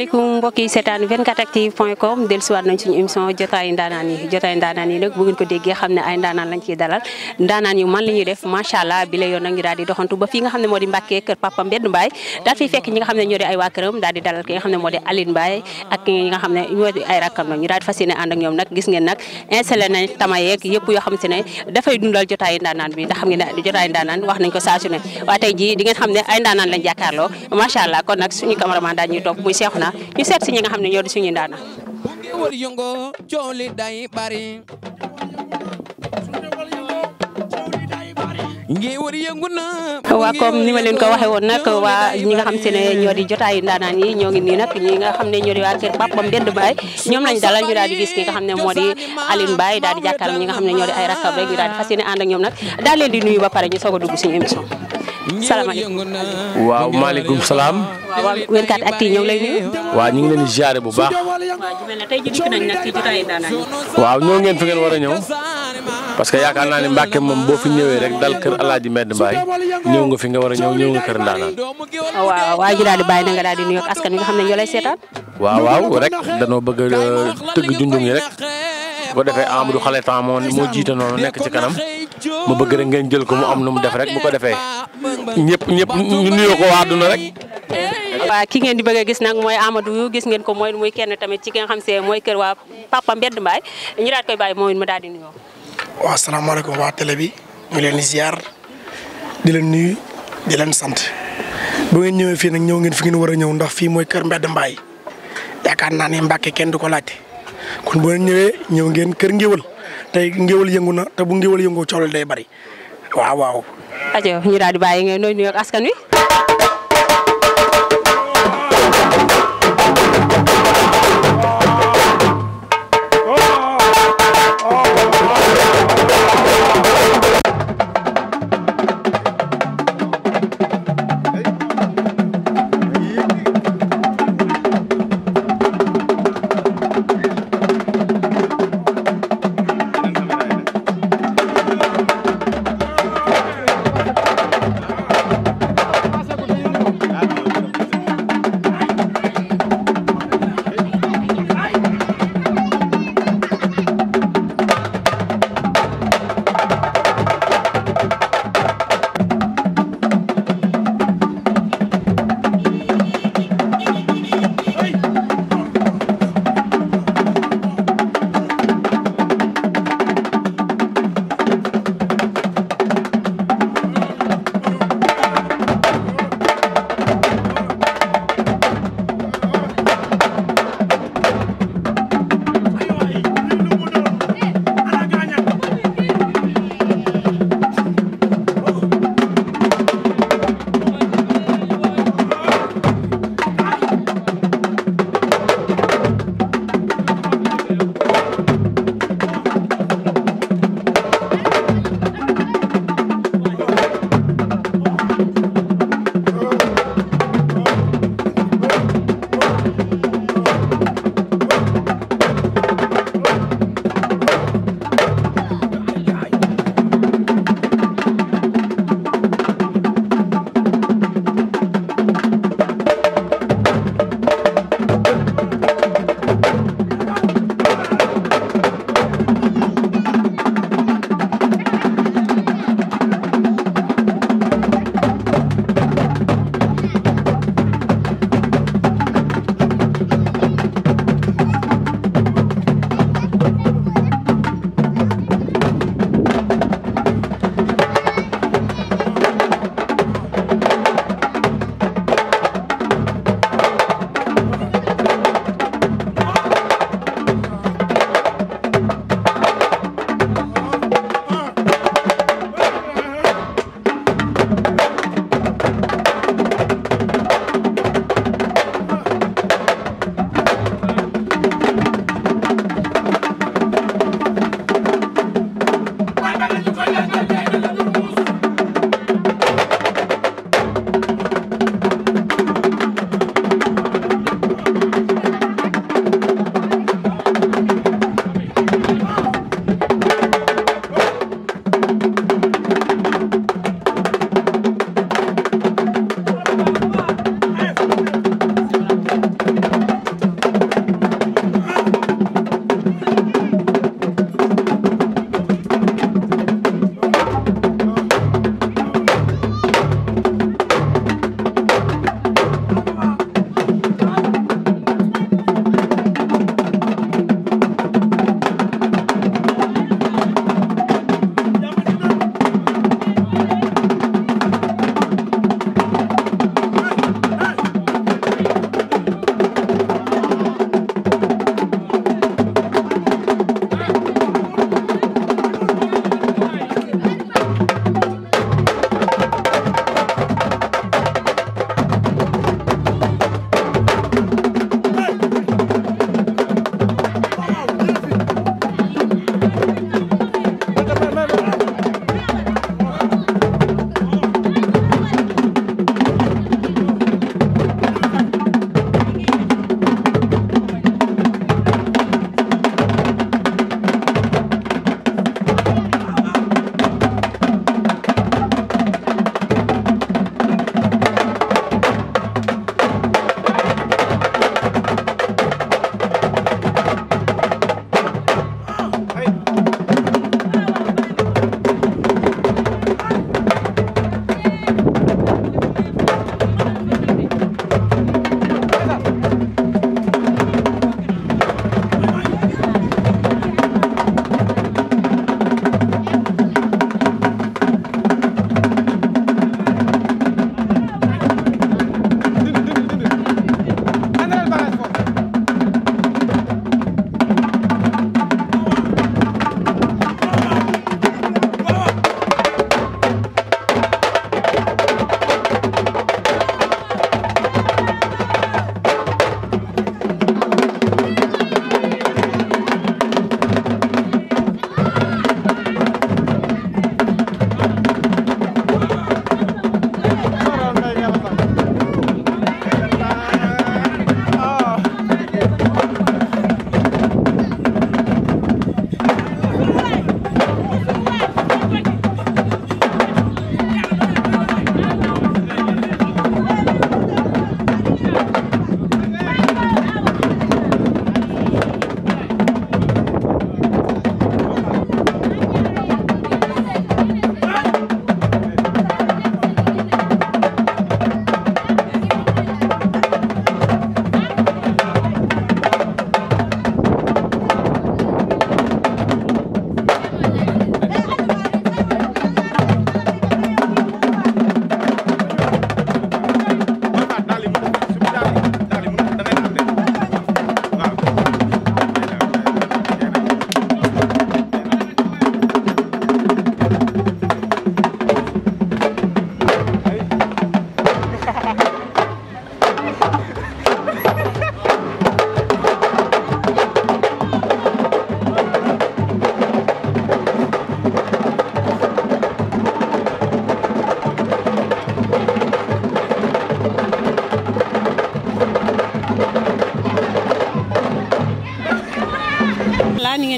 asalaamaaleykum mbokk yi seetaan 24actu.com dellusiwaat nañ suñu émission jotaayu yi jotaayu yi nag bu ngeen ko man li ñuy def allah bi la yoon doxantu ba fii nga xam ne moo di Papa Mbedd Mbaye daal fiy fekk ñi ay waa daal di dalal ki nga xam gis ngeen nag installé nañ tamayeeg yëpp yoo xam si ne dafay dundal jotaayu ndaanaan bi ndax ngeen ne jotaayu ndaanaan wax nañ ko saa ne waaye tey jii xam ne ay ndaanaan lañ jàkkaarloo daana ñu seet si ñi nga xam ne ñoo si suñuy daana wër yëngoo coow li ko waxee woon nag waa ñi nga xam se ne ñoo di ngi nii nag ñi nga xam ne ñoo di waa kër Papam ñoom lañ dalal ñu daal di gis nga xam ne moo di Aline Baye daal di jàkkaarloo ñi nga xam ne ñoo di ay rakkab rek ñu daal di fas yéene ànd ñoom nag daal leen di nuyu ba pare ñi soog a dugg suñu émission salaamaaleykum. waaw maaleykum salaam. waaw 24actu ñoo ngi lay nuyu. waaw ñu ngi leen di ziare bu baax. waaw ñoo ngeen fi ngeen war a ñëw. parce que yaakaar naa ne Mbàkke moom boo fi ñëwee rek dal kër Alaaji Mbedd Mbaay ñëw nga fi nga war a ñëw ñëw nga kër Ndaanaan. waaw waaye ji daal di bàyyi daal di nuyu askan wi nga xam ne ñoo lay waaw waaw rek danoo bëgg euh, tëgg junjung rek. bu defee Amadou Xaleta moo moo jiite noonu nekk ci kanam mu bëgg rek ngeen jël ko mu am nu mu def rek bu ko defee ñëpp ñëpp ñu nuyoo ko waa àdduna rek. waaw ki ngeen di bëgg a gis nag mooy Amadou gis ngeen ko mooy muy kenn tamit ci kenn nga xam se mooy kër waa Papa Mbedd Mbaay ñu daal koy bàyyi moom mu daal di nuyoo. waaw asalaamaaleykum waa télé bi ñu leen di di leen nuyu di leen sant bu ngeen ñëwee fii nag ñëw ngeen fi ngeen war a ñëw ndax fii mooy kër Mbedd Mbaay yaakaar naa ne Mbàkke kenn du ko laajte. kon boo leen ñëwee ñëw ngeen kër ngéwal te ngéwal yëngu na te bu ngéwal yëngu coow day bari waaw waaw. ñu daal di bàyyi ngeen nuyoo askan wi.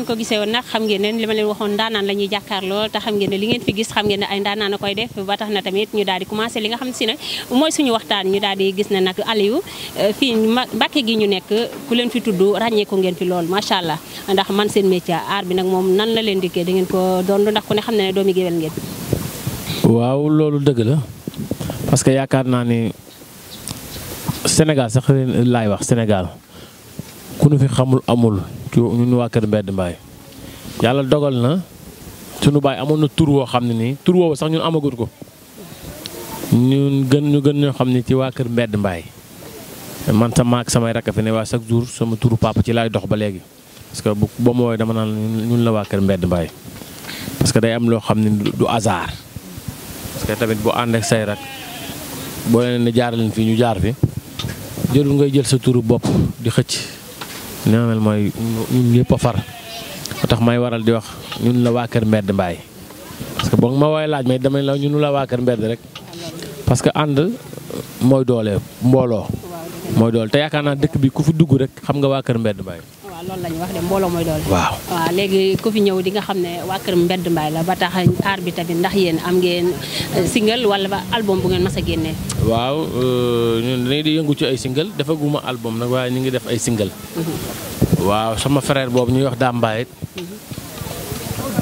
ngeen ko gisee woon nag xam ngeen ne li ma leen waxoon ndaanaan la ñuy jàkkaar lool te xam ngeen ne li ngeen fi gis xam ngeen ne ay ndaanaan a koy def ba tax na tamit ñu daal di commencé li nga xam si ne mooy suñu waxtaan ñu euh, gi ñu nekk ku leen fi tudd ràññeeku ngeen fi lool macha allah ndax man seen métier aar bi nag moom nan la leen dikkee da ngeen ko doon ndax ku ne xam ne ne doomi géwél ngeen waaw loolu dëgg la parce que yaakaar naa ne Sénégal sax laay wax Sénégal ku nu fi xamul amul ñun waa kër Mbedd Mbaye yàlla dogal na sunu baay amoon na tur woo xam ne nii tur woo sax ñun amagut ko gën ñu gën ñoo xam ne ci waa kër Mbedd mbaay man sama ak samay rakk fi ne waa chaque jour sama turu papa ci laay dox ba léegi parce que bu ba ma dama naan ñun la waa kër Mbedd Mbaye parce que day am loo xam ne du hasard parce que tamit boo ànd ak say rak boo leen ne jaar leen fii ñu jaar fi jëlul ngay jël sa turu bopp di xëcc. li ma mel mooy ñun ñëpp a far moo tax may waral di wax ñun la waa Kër Mbedd Mbaye parce que boo ma woowee laaj may damay la ñun la waa Kër Mbedd rek parce que ànd mooy doole mbooloo mooy doole te yaakaar naa dëkk bi ku fi dugg rek xam nga waa Kër Mbedd Mbaye waaw loolu la ñu wax de mbooloo mooy doole. waaw léegi ku fi ñëw di nga xam ne waa kër mbedd mbaay la ba tax aar bi tamit ndax yéen am ngeen euh, single wala ba album bu ngeen mas a génnee. waaw euh, ñun di yëngu ci ay single defaguma album nag waaye ñu ngi def ay single. Mhm. waaw sama frère boobu ñuy wax Dame Mbaye. Mhm.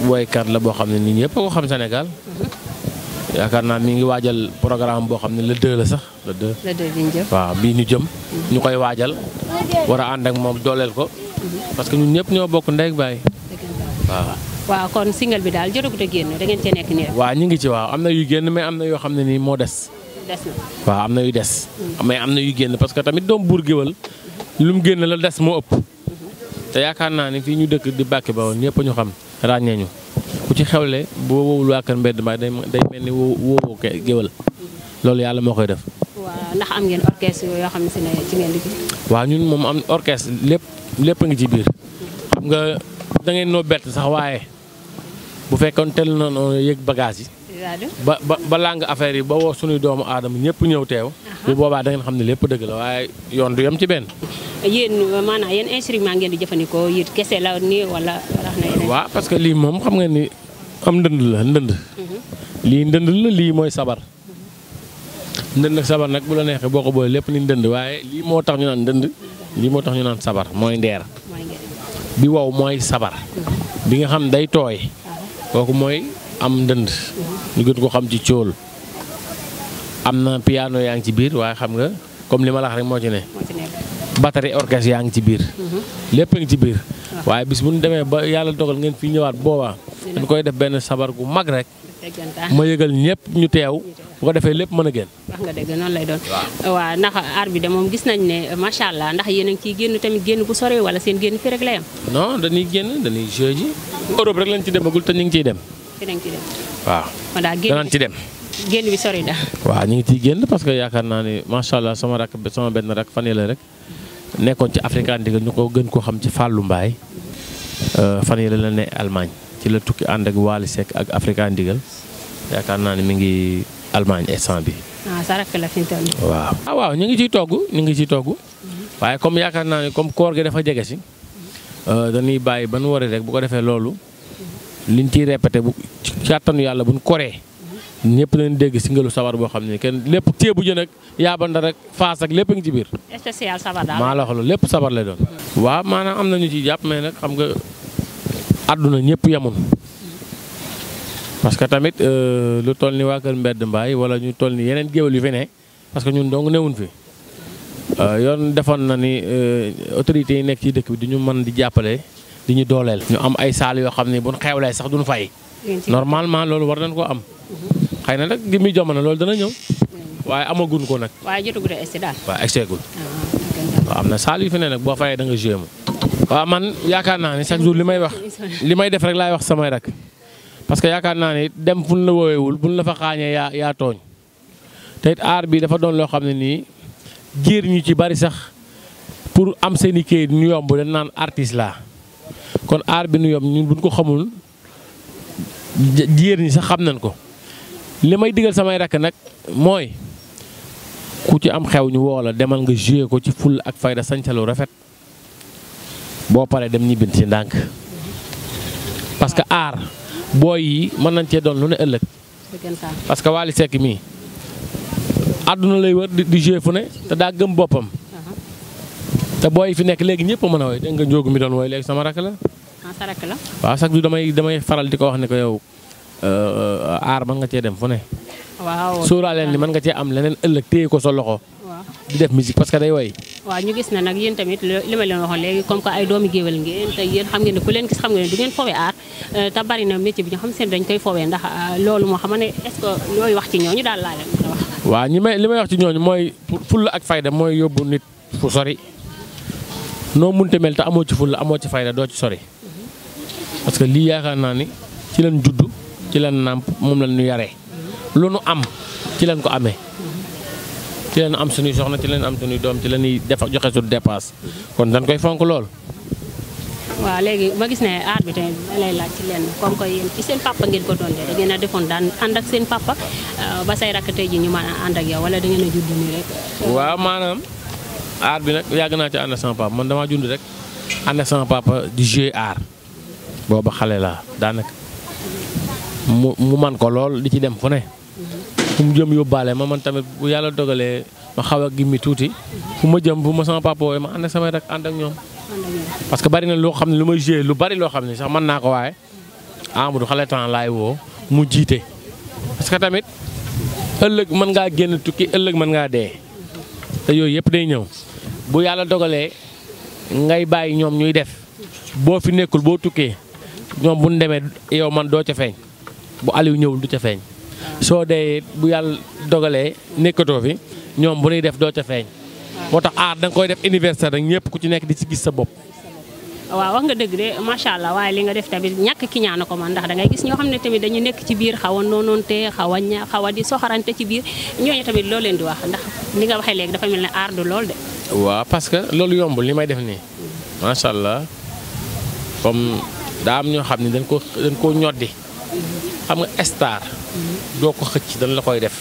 woykat la boo xam ne nit ñëpp ko xam Sénégal. Mhm. yaakaar naa mu ngi waajal programme boo xam ne le deux sax waaw bii ñu jëm. ñu koy waajal. war a ànd ak moom dooleel ko parce que ñun ñëpp ñoo bokk ndey ak baay waaw. waaw kon single bi daal jotagul a génn da ngeen nekk nii rek. waaw ñu ngi ci waaw am na yu génn mais am na yoo xam ne nii moo des. des waaw am na yu des. mais am na yu génn parce que tamit doom buur géwal lu mu génn la des moo ëpp. te yaakaar naa ni fii ñu dëkk di Mbàkke Bawol ñëpp ñu xam ràññee ñu ku ci xewle boo wowul waa kër mbedd ma day day mel ni woo woo loolu yàlla moo koy def. waaw ndax am ngeen orchestre waaw ñun moom am orchestre lépp lépp a ngi ci biir xam nga dangeen noo bett sax waaye bu fekkoon tel na noonu yëg bagage yi. ba ba ba làng affaire yi ba woo suñuy doomu aadama ñëpp ñëw teew. bu boobaa da xam ne lépp dëgg la waaye yoon du yem ci benn. yéen maanaam yéen ngeen di jëfandikoo yit kese la nii wala. waaw parce que lii moom xam nga ni am ndënd la ndënd. Mhm. lii ndënd la lii mooy sabar. ndënd ak sabar nag bu la neexee boo ko boole lépp ni ndënd waaye lii moo tax ñu naan ndënd lii moo tax ñu naan sabar mooy ndeer bi wow mooy sabar mhm. bi nga xam ne day tooy uh-huh. kooku mooy am ndënd uh-huh. ñu gën ko xam ci cóol am na piano yaa ngi ci biir waaye xam nga comme li ma la rek moo ci ne batterie orchestre yaa ngi ci biir uh-huh. lépp ngi ci biir waaye bis bu ñu demee ba yàlla dogal ngeen fi ñëwaat boobaa dañ koy def benn sabar gu mag rek ma yëgal ñëpp ñu teew bu defee lépp mën a génn. wax nga dëgg noonu ndax aar bi de moom gis nañ ne macha allah ndax yéen a ngi ciy génn tamit génn bu sore wala seen génn fii rek la yam. non dañuy génn dañuy jeu ji. Europe rek lañ ci demagul te ñu ngi ciy dem. waaw. kon daal génn danañ ci dem. génn bi sori daal. waaw ñu ngi ciy génn parce que yaakaar naa ne macha allah sama rak sama benn rak fan la rek nekkoon ci Afrique antique ñu ko gën koo xam ci Fallou Mbaye euh, fan yële la ne Allemagne ci la tukki ànd ak Wally Seck ak Africa Ndigal yaakaar naa ne mi ngi Allemagne instant bi waaw ah, sa rakk la fi ah, waaw. ñu ngi ciy togg ñu ngi ciy togg mhm. waaye comme yaakaar naa ne comme koor gi dafa jege si mhm. euh, danuy bàyyi ba nu waree rek bu ko defee loolu liñ ciy répété bu ci kàttanu yàlla buñ koree mhm. ñëpp leen dégg singalu sabar boo xam ne kenn lépp ceebu jën ak yaabanda rek faas ak lépp ngi ci biir. spécial sabar daal la lépp sabar la doon. waaw maanaam am na ñu ciy jàpp mais xam nga àdduna ñëpp yemoon. parce que tamit euh, lu toll ni waa Kër Mbedd Mbaay wala ñu toll ni yeneen géwél yu fi ne parce que ñun dong newuñ fi euh, yoon defoon na ni euh, autorités yi nekk ci dëkk bi du ñu mën di jàppale di ñu dooleel. ñu am ay saal yoo xam ne buñ xewlee sax duñ fay. normalement loolu war nañ ko am. Mhm. xëy na nag gimmi jamono loolu dana ñëw. Mhm. waaye amagun ko nag. waaye jotagul a daal. waaw exceegul. Ah, waaw am na saal yu fi ne nag boo fayee da nga jéem. waaw man yaakaar naa ne chaque jour li may wax li may def rek wax samay rak. parce que yaakaar naa ne dem fu ñu la wooweewul bu ñu la fa xaañee yaa tooñ te it aar bi dafa doon loo xam ne nii jiir ñu ci bari sax pour am seen i kayit ñu yomb dañ naan artiste la kon aar bi nu yomb ñun buñ ko xamul jiir ñi sax xam nañ ko li may digal samay rakk nag mooy ku ci am xew ñu woo la demal nga joué ko ci full ak fayda sañcalu rafet boo paree dem bind si ndànk parce aar booy yi mën nañ cee doon lu ne ëllëg. parce que Wally Seck mii àdduna lay war di jouer fu ne te daa gëm boppam. Uh-huh. te booy yi fi nekk léegi ñëpp a mën a woy dégg nga njóogu mi doon woy léegi sama rakk la. Ah, sa la. waaw sax du damay damay faral di ko wax ne ko yow euh, euh, aar mën nga cee dem fu ne. waaw sóoraaleen ni mën nga cee am leneen ëllëg téye ko sa loxo. di def musique parce que day woy waaw ñu gis na nag yéen tamit li ma leen waxoon léegi comme que ay doomi géwél ngeen te yéen xam ngeen ne ku leen gis xam ngeen ne du ngeen foowee aar euh, te bari na métier bi ñu xam seen dañ koy foowee ndax euh, loolu moo xam ne est looy wax ci ñooñu daal laa leen wax waaw ñi may li may wax ci ñooñu mooy fulla ak fayda mooy yóbbu nit fu sori noo munte mel amoo ci fulla amoo ci fayda doo ci sori parce que lii yaakaar naa ni ci leen judd ci leen nàmp moom la ñu yaree lu am ci leen ko amee ci leen am suñuy soxna ci leen am suñuy doom ci la ñuy def joxe suñu dépasse kon dañ koy fonk lool. waaw léegi ma gis ne aar bi tamit lay laaj ci lenn comme que yéen ci seen papa ngeen ko doon dee a defoon daan ànd ak seen papa euh, ba say rakk tey ji ñu mën a ànd ak yow wala da ngeen a judd nii rek. waaw maanaam aar bi nag yàgg naa ci ànd sama papa man damaa jund rek ànd sama papa di jouer aar booba xale laa daanaka mu mu man ko lool di ci dem fu ne. fu mu jëm yóbbaale ma man tamit bu yàlla dogalee ma xaw a gimmi tuuti fu ma jëm fu ma sama papa ma ànd ak samay rek ànd ak ñoom. parce que bari na loo xam ne lu ma joué lu bari loo xam ne sax mën naa ko waaye Amadou xale temps laay woo mu jiite. parce que tamit ëllëg mën ngaa génn tukki ëllëg mën ngaa dee te yooyu yëpp day ñëw bu yàlla dogalee ngay bàyyi ñoom ñuy def boo fi nekkul boo tukkee ñoom bu ñu yow man doo ca feeñ bu Aliou ñëwul du ca feeñ. soo dee bu yàlla dogalee nekkatoo fi ñoom bu ñuy def doo ca feeñ. moo tax aar da nga koy def anniversaire rek ñëpp ku ci nekk di ci gis sa bopp. waaw wax nga dëgg de macha allah waaye li nga def tamit ñàkk ki ñaana ko man ndax dangay ngay gis ñoo xam ne tamit dañu nekk ci biir xaw a noonoonte xaw a xaw a di soxarante ci biir ñooñu tamit loo leen di wax ndax li nga waxee léegi dafa mel ne aar du lool de. waaw parce que loolu yombul li may def nii. macha allah comme daa ñoo xam ne dañ ko dañ koo ñoddi xam nga doo ko xëcc dana la koy def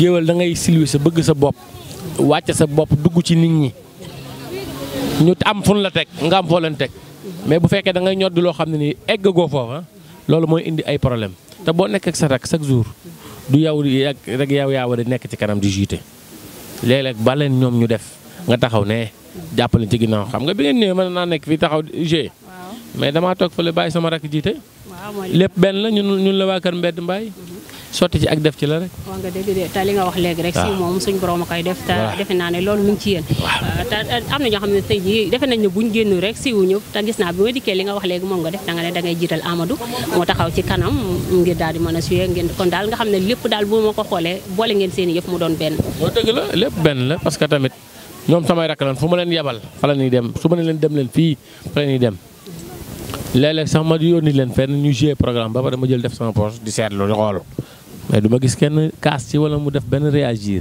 géwél da ngay silwi sa bëgg sa bopp wàcc sa bopp dugg ci nit ñi ñu am fun la teg nga am foo leen teg mais bu fekkee da ngay ñodd loo xam ne nii egg goo foofa loolu mooy indi ay problème te boo nekk ak sa rak chaque jour du yow rek yow yaa war a nekk ci kanam di jiite léeg-léeg ba leen ñoom ñu def nga taxaw ne jàppale ci ginnaaw xam nga bi ngeen mën naa nekk fii taxaw g mais damaa toog fële bàyyi sama rak jiite lépp benn la ñun ñun la waa kër mbedd mbaay mhm. sotti ci ak def ci la rek. waaw li nga wax léegi rek. si moom suñu borom a koy def. te defe naa ne loolu mu ngi ah, na ñoo xam ne tey jii defe nañ ne buñ génn rek siiwu ñu te gis naa bi ma dikkee li nga wax léegi moom nga def da nga ne da ngay jiital Amadou moo taxaw ci kanam ngir daal di mën a suyee ngeen kon daal nga xam ne lépp daal bu ma ko xoolee boole ngeen seen yëpp mu doon benn. boo dëgg la lépp benn la parce que tamit ñoom samay rakk lan fu ma leen yabal fa dem su ma dem leen fii dem léeg sax ma yónni leen fenn ñu joué programme ba pare ma jël def sama poche di seetlu di xool mais du ma gis kenn kaas ci wala mu def benn réagir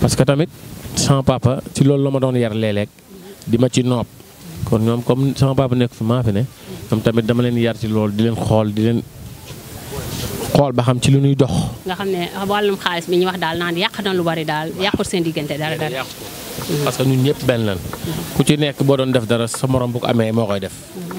parce que tamit sama papa ci loolu la ma doon yar léeg di ma ci noob kon ñoom comme sama papa nekk fi maa fi ne ñoom tamit dama leen yar ci loolu di leen xool di leen xool ba xam ci lu ñuy dox. nga xam ne wàllum xaalis bi ñu wax daal naan yàq na lu bari daal yàqul seen diggante dara dara. parce que ñun ñëpp benn lan ku ci nekk boo doon def dara sa moroom bu ko amee moo koy def. Mm-hmm.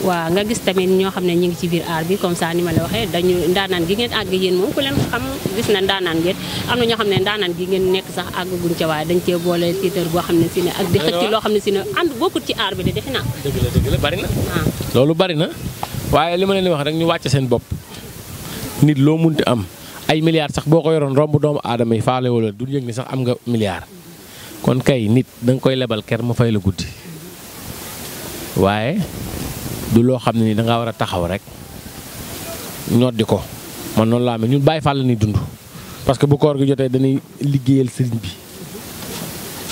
waa nga gis tamit ñoo xam ne ñu ngi ci biir aar bi comme ça ni ma la waxee dañu ndaanaan gi ngeen àgg yéen moom ku leen xam gis na ndaanaan ngeen am na ñoo xam ne ndaanaan gi ngeen nekk sax àgguñ ca waaye dañ cee boole tiitar boo xam ne si ak di xëcc loo xam ne si ne ànd bokkut ci aar bi de defe ah. bari na waaye li ma leen wax rek ñu wàcc seen bopp nit loo munti am ay milliards sax boo ko yoroon romb doomu aadama yi faale wala du yëg ni sax am nga milliard kon kay nit da koy lebal ker mu fay la guddi waaye du loo xam ne ni da war a taxaw rek ñoot di ko man noonu laa amee ñun Baay Faal la ñuy dund parce que bu koor gi jotee dañuy liggéeyal sëriñ bi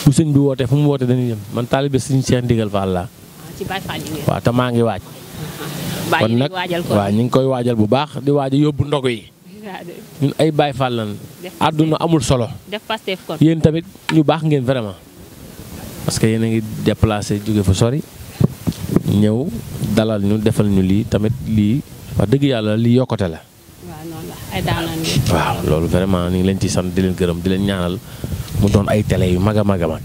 bu sëñ bi wootee fu mu wootee dañuy dem man taalibe sëriñ Cheikh Ndigal Fall laa. ci Baay te maa ngi waaj. kon nag waa ñu ngi koy waajal bu baax di waaj yóbbu ndog yi. ñun ay Baay Faal lan àdduna amul solo. def Pastef kon yéen tamit ñu baax ngeen vraiment. parce que yéen a ngi déplacé jóge fa sori. ñëw dalal ñu defal ñu lii tamit lii wax dëgg yàlla lii yokkute la. waa loolu vraiment ñu ngi leen ci sant di leen gërëm di leen ñaanal mu doon ay télé yu mag a mag a mag.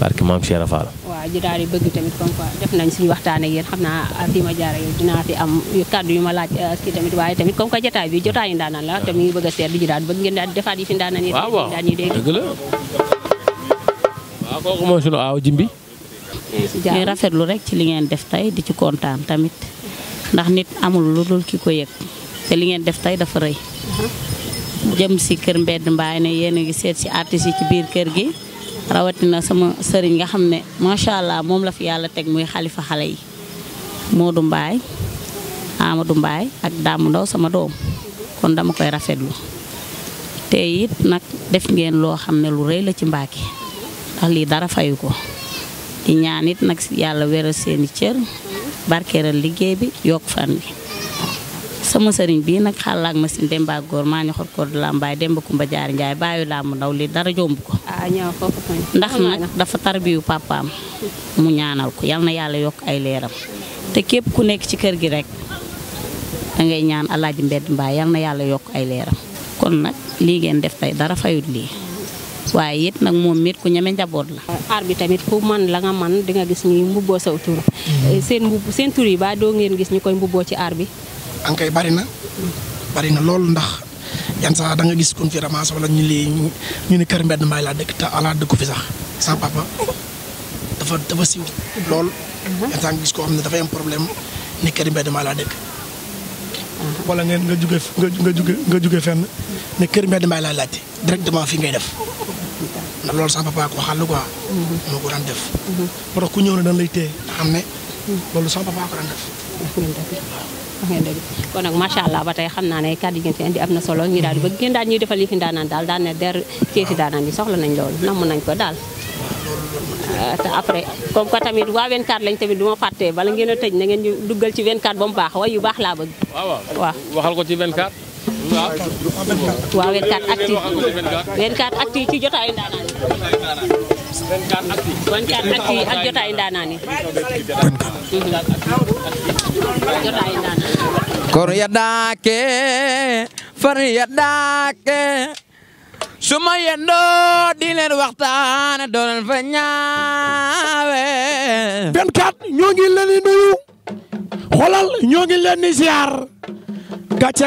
barke maam Cheikh Rafal. waaw ñu daal di bëgg tamit comme quoi def nañ suñu waxtaan ak xam naa ah, fi ma jaaree yow dinaa fi am kàddu yu ma laaj ah, kii tamit waaye tamit comme que jotaay bi jotaayu ndaanaan la te mu ngi bëgg a seetlu ñu daal bëgg ngeen daal defaat yi fi ndaanaan yi. waaw dëgg la di rafetlu rek ci li ngeen def tey di ci kontaan tamit ndax nit amul lu dul ki ko yëg te li ngeen def tey dafa rëy mhm. jëm si kër mbedd mbaay ne yéen a ngi seet si artistes yi ci biir kër gi rawatina sama sëriñ nga xam ne macha allah moom la fi yàlla teg muy xalifa xale yi Modou Mbaay du Mbaay ak Daamu Ndaw sama doom kon dama koy rafetlu te it nag def ngeen loo xam ne lu rëy la ci Mbacké ndax lii dara fayu ko di ñaan it nag yàlla weral seeni cër barkeeral liggéey bi yokk fan bi sama sëriñ bii nag xàllaak ma si Demba Góor maa ni xor ko du lambaay Demba Kumba Jaar Njaay bàyyi làmb ndaw lii dara jomb ko ah, ndax nag dafa tarbiyu papaam mu ñaanal ko yal na yàlla yokk ay leeram te képp ku nekk ci kër gi rekk dangay ñaan alaaji mbedd mbaa yal na yàlla yokk ay leeram kon nag lii ngeen def tey dara fayut lii waaye it nag moom it ku ñeme njaboot la. aar bi tamit ku man la nga man di nga gis ñuy mbubboo saw tur. Mm-hmm. Eh, seen mbub yi ba ngeen gis ñu koy mbubboo ci aar bi. an kay bari na. bari na loolu ndax yan sax da nga gis kon fi ramas wala ñu lii ñu ne kër mbedd mbaay laa dëkk te ala dëkku fi sax sa papa dafa dafa siiw lool. Uh-huh. yan sax nga gis koo xam ne dafa am problème ne kër mbedd mbaay laa dëkk. wala ngeen nga jóge nga jóge nga jóge fenn ne kër mbedd mbaay laa laajte directement fi ngay def ndax loolu sax papa ko waxal ko daan def ku ñëw ne dañ lay téye nga xam ne loolu sax papa ko daan def kon nag macha allah ba tey xam naa ne kàddu yi ngeen fi indi am na solo ñu daal ba bëgg ngeen ñuy defal yi fi ndaanaan daal daan ne der kii fi yi soxla nañ loolu namm nañ ko daal te après comme que tamit waa 24 lañ tamit du ma fàtte bala ngeen a tëj na ngeen ñu duggal ci 24 ba mu baax way yu baax laa bëgg. waaw waxal ko ci 24. waaw waaw 24 actu ci jotaayu ndaanaan ak jotaayu ndaanaan yi. kor ya daake far ya daake. su ma yendoo di leen waxtaane fa ñaawe 24 ñoo ngi leen di nuyu ñoo ngi leen di ziar gàcce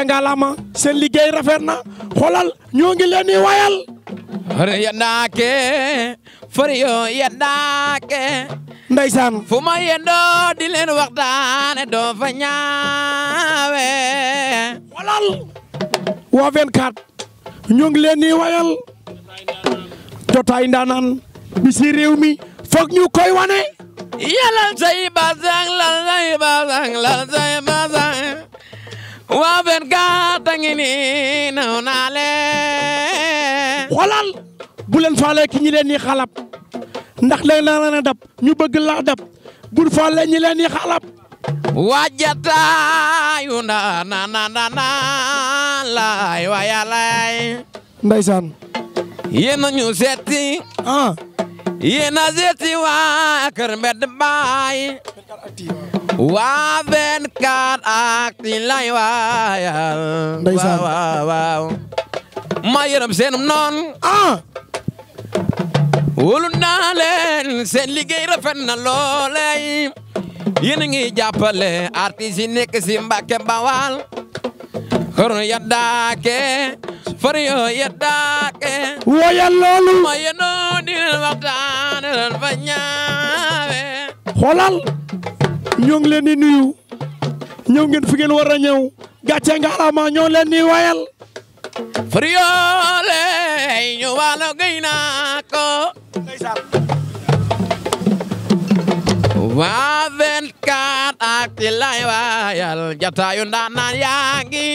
seen liggéey rafet na xoolal ñoo ngi leen wayal fari yendaake fari yoo yendaake ndeysaan fu yendoo di leen waxtaane fa ñaawe xoolal waa 24 ñu ngi leen di wayal jotaay ndaanaan bi réew mi foog ñu koy wane. yàlla say basang lan say basang lan say basang waa benn gàtt a ngi leen. xoolal faale ki ñi leen di xalab ndax léeg-léeg la dab ñu bëgg laa dab bu faale ñi leen di xalab. wajataayu nda na na na na laay wa yalaay. ndeysaan. yéen a ñu seeti. ah. yéen a seeti waa Kër Mbedd Baay. waa 24 actu laay wa yal. ndeysaan waaw waaw. ma yërëm seen noon. ah. wóolu leen seen liggéey rafet na loolee. yéen a ngi jàppale artistes yi si Mbàkke Bawal xoro ya daake far wayal loolu ma yenoo di waxtaan fa ñaawe xoolal ñoo ngi leen di nuyu ñëw ngeen fi ngeen war a ñëw gàcce nga alama ñoo wayal far le ñu wàllu gëy naa waa 24 actu lay waayal jataayu ndaanaan yaa ngi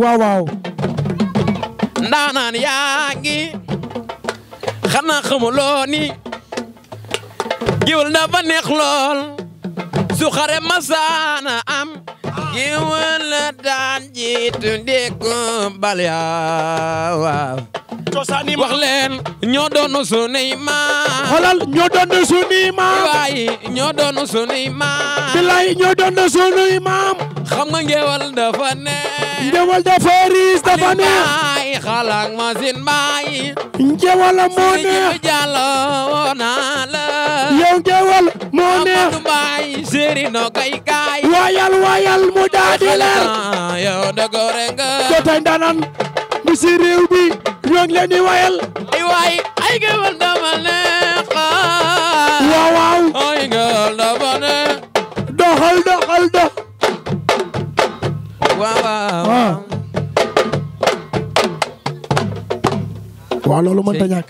waaw waaw ndaanaan yaa ngi xanaa xamuloo ni giwul dafa neex lool su xare masaana am géwël la daan jiitu ndéku bal yaa waaw cosaani wax leen ñoo doonu sunuy maam xoolal ñoo doonu sunuy maam waay ñoo doonu sunuy maam maam xam nga dafa neex ngéwël dafa riis dafa neex xalaak masin baay njewal moo neex si jàlloo yow njewal moo neex Amadou Mbaye séeri no kay yow dogoo rek jotay ndanan bi si réew bi ñoo leen di waayal ay waay ay gewal dama neex waaw waaw ay gewal dama neex doxal doxal dox waaw waaw waaw loolu mënta ñàkk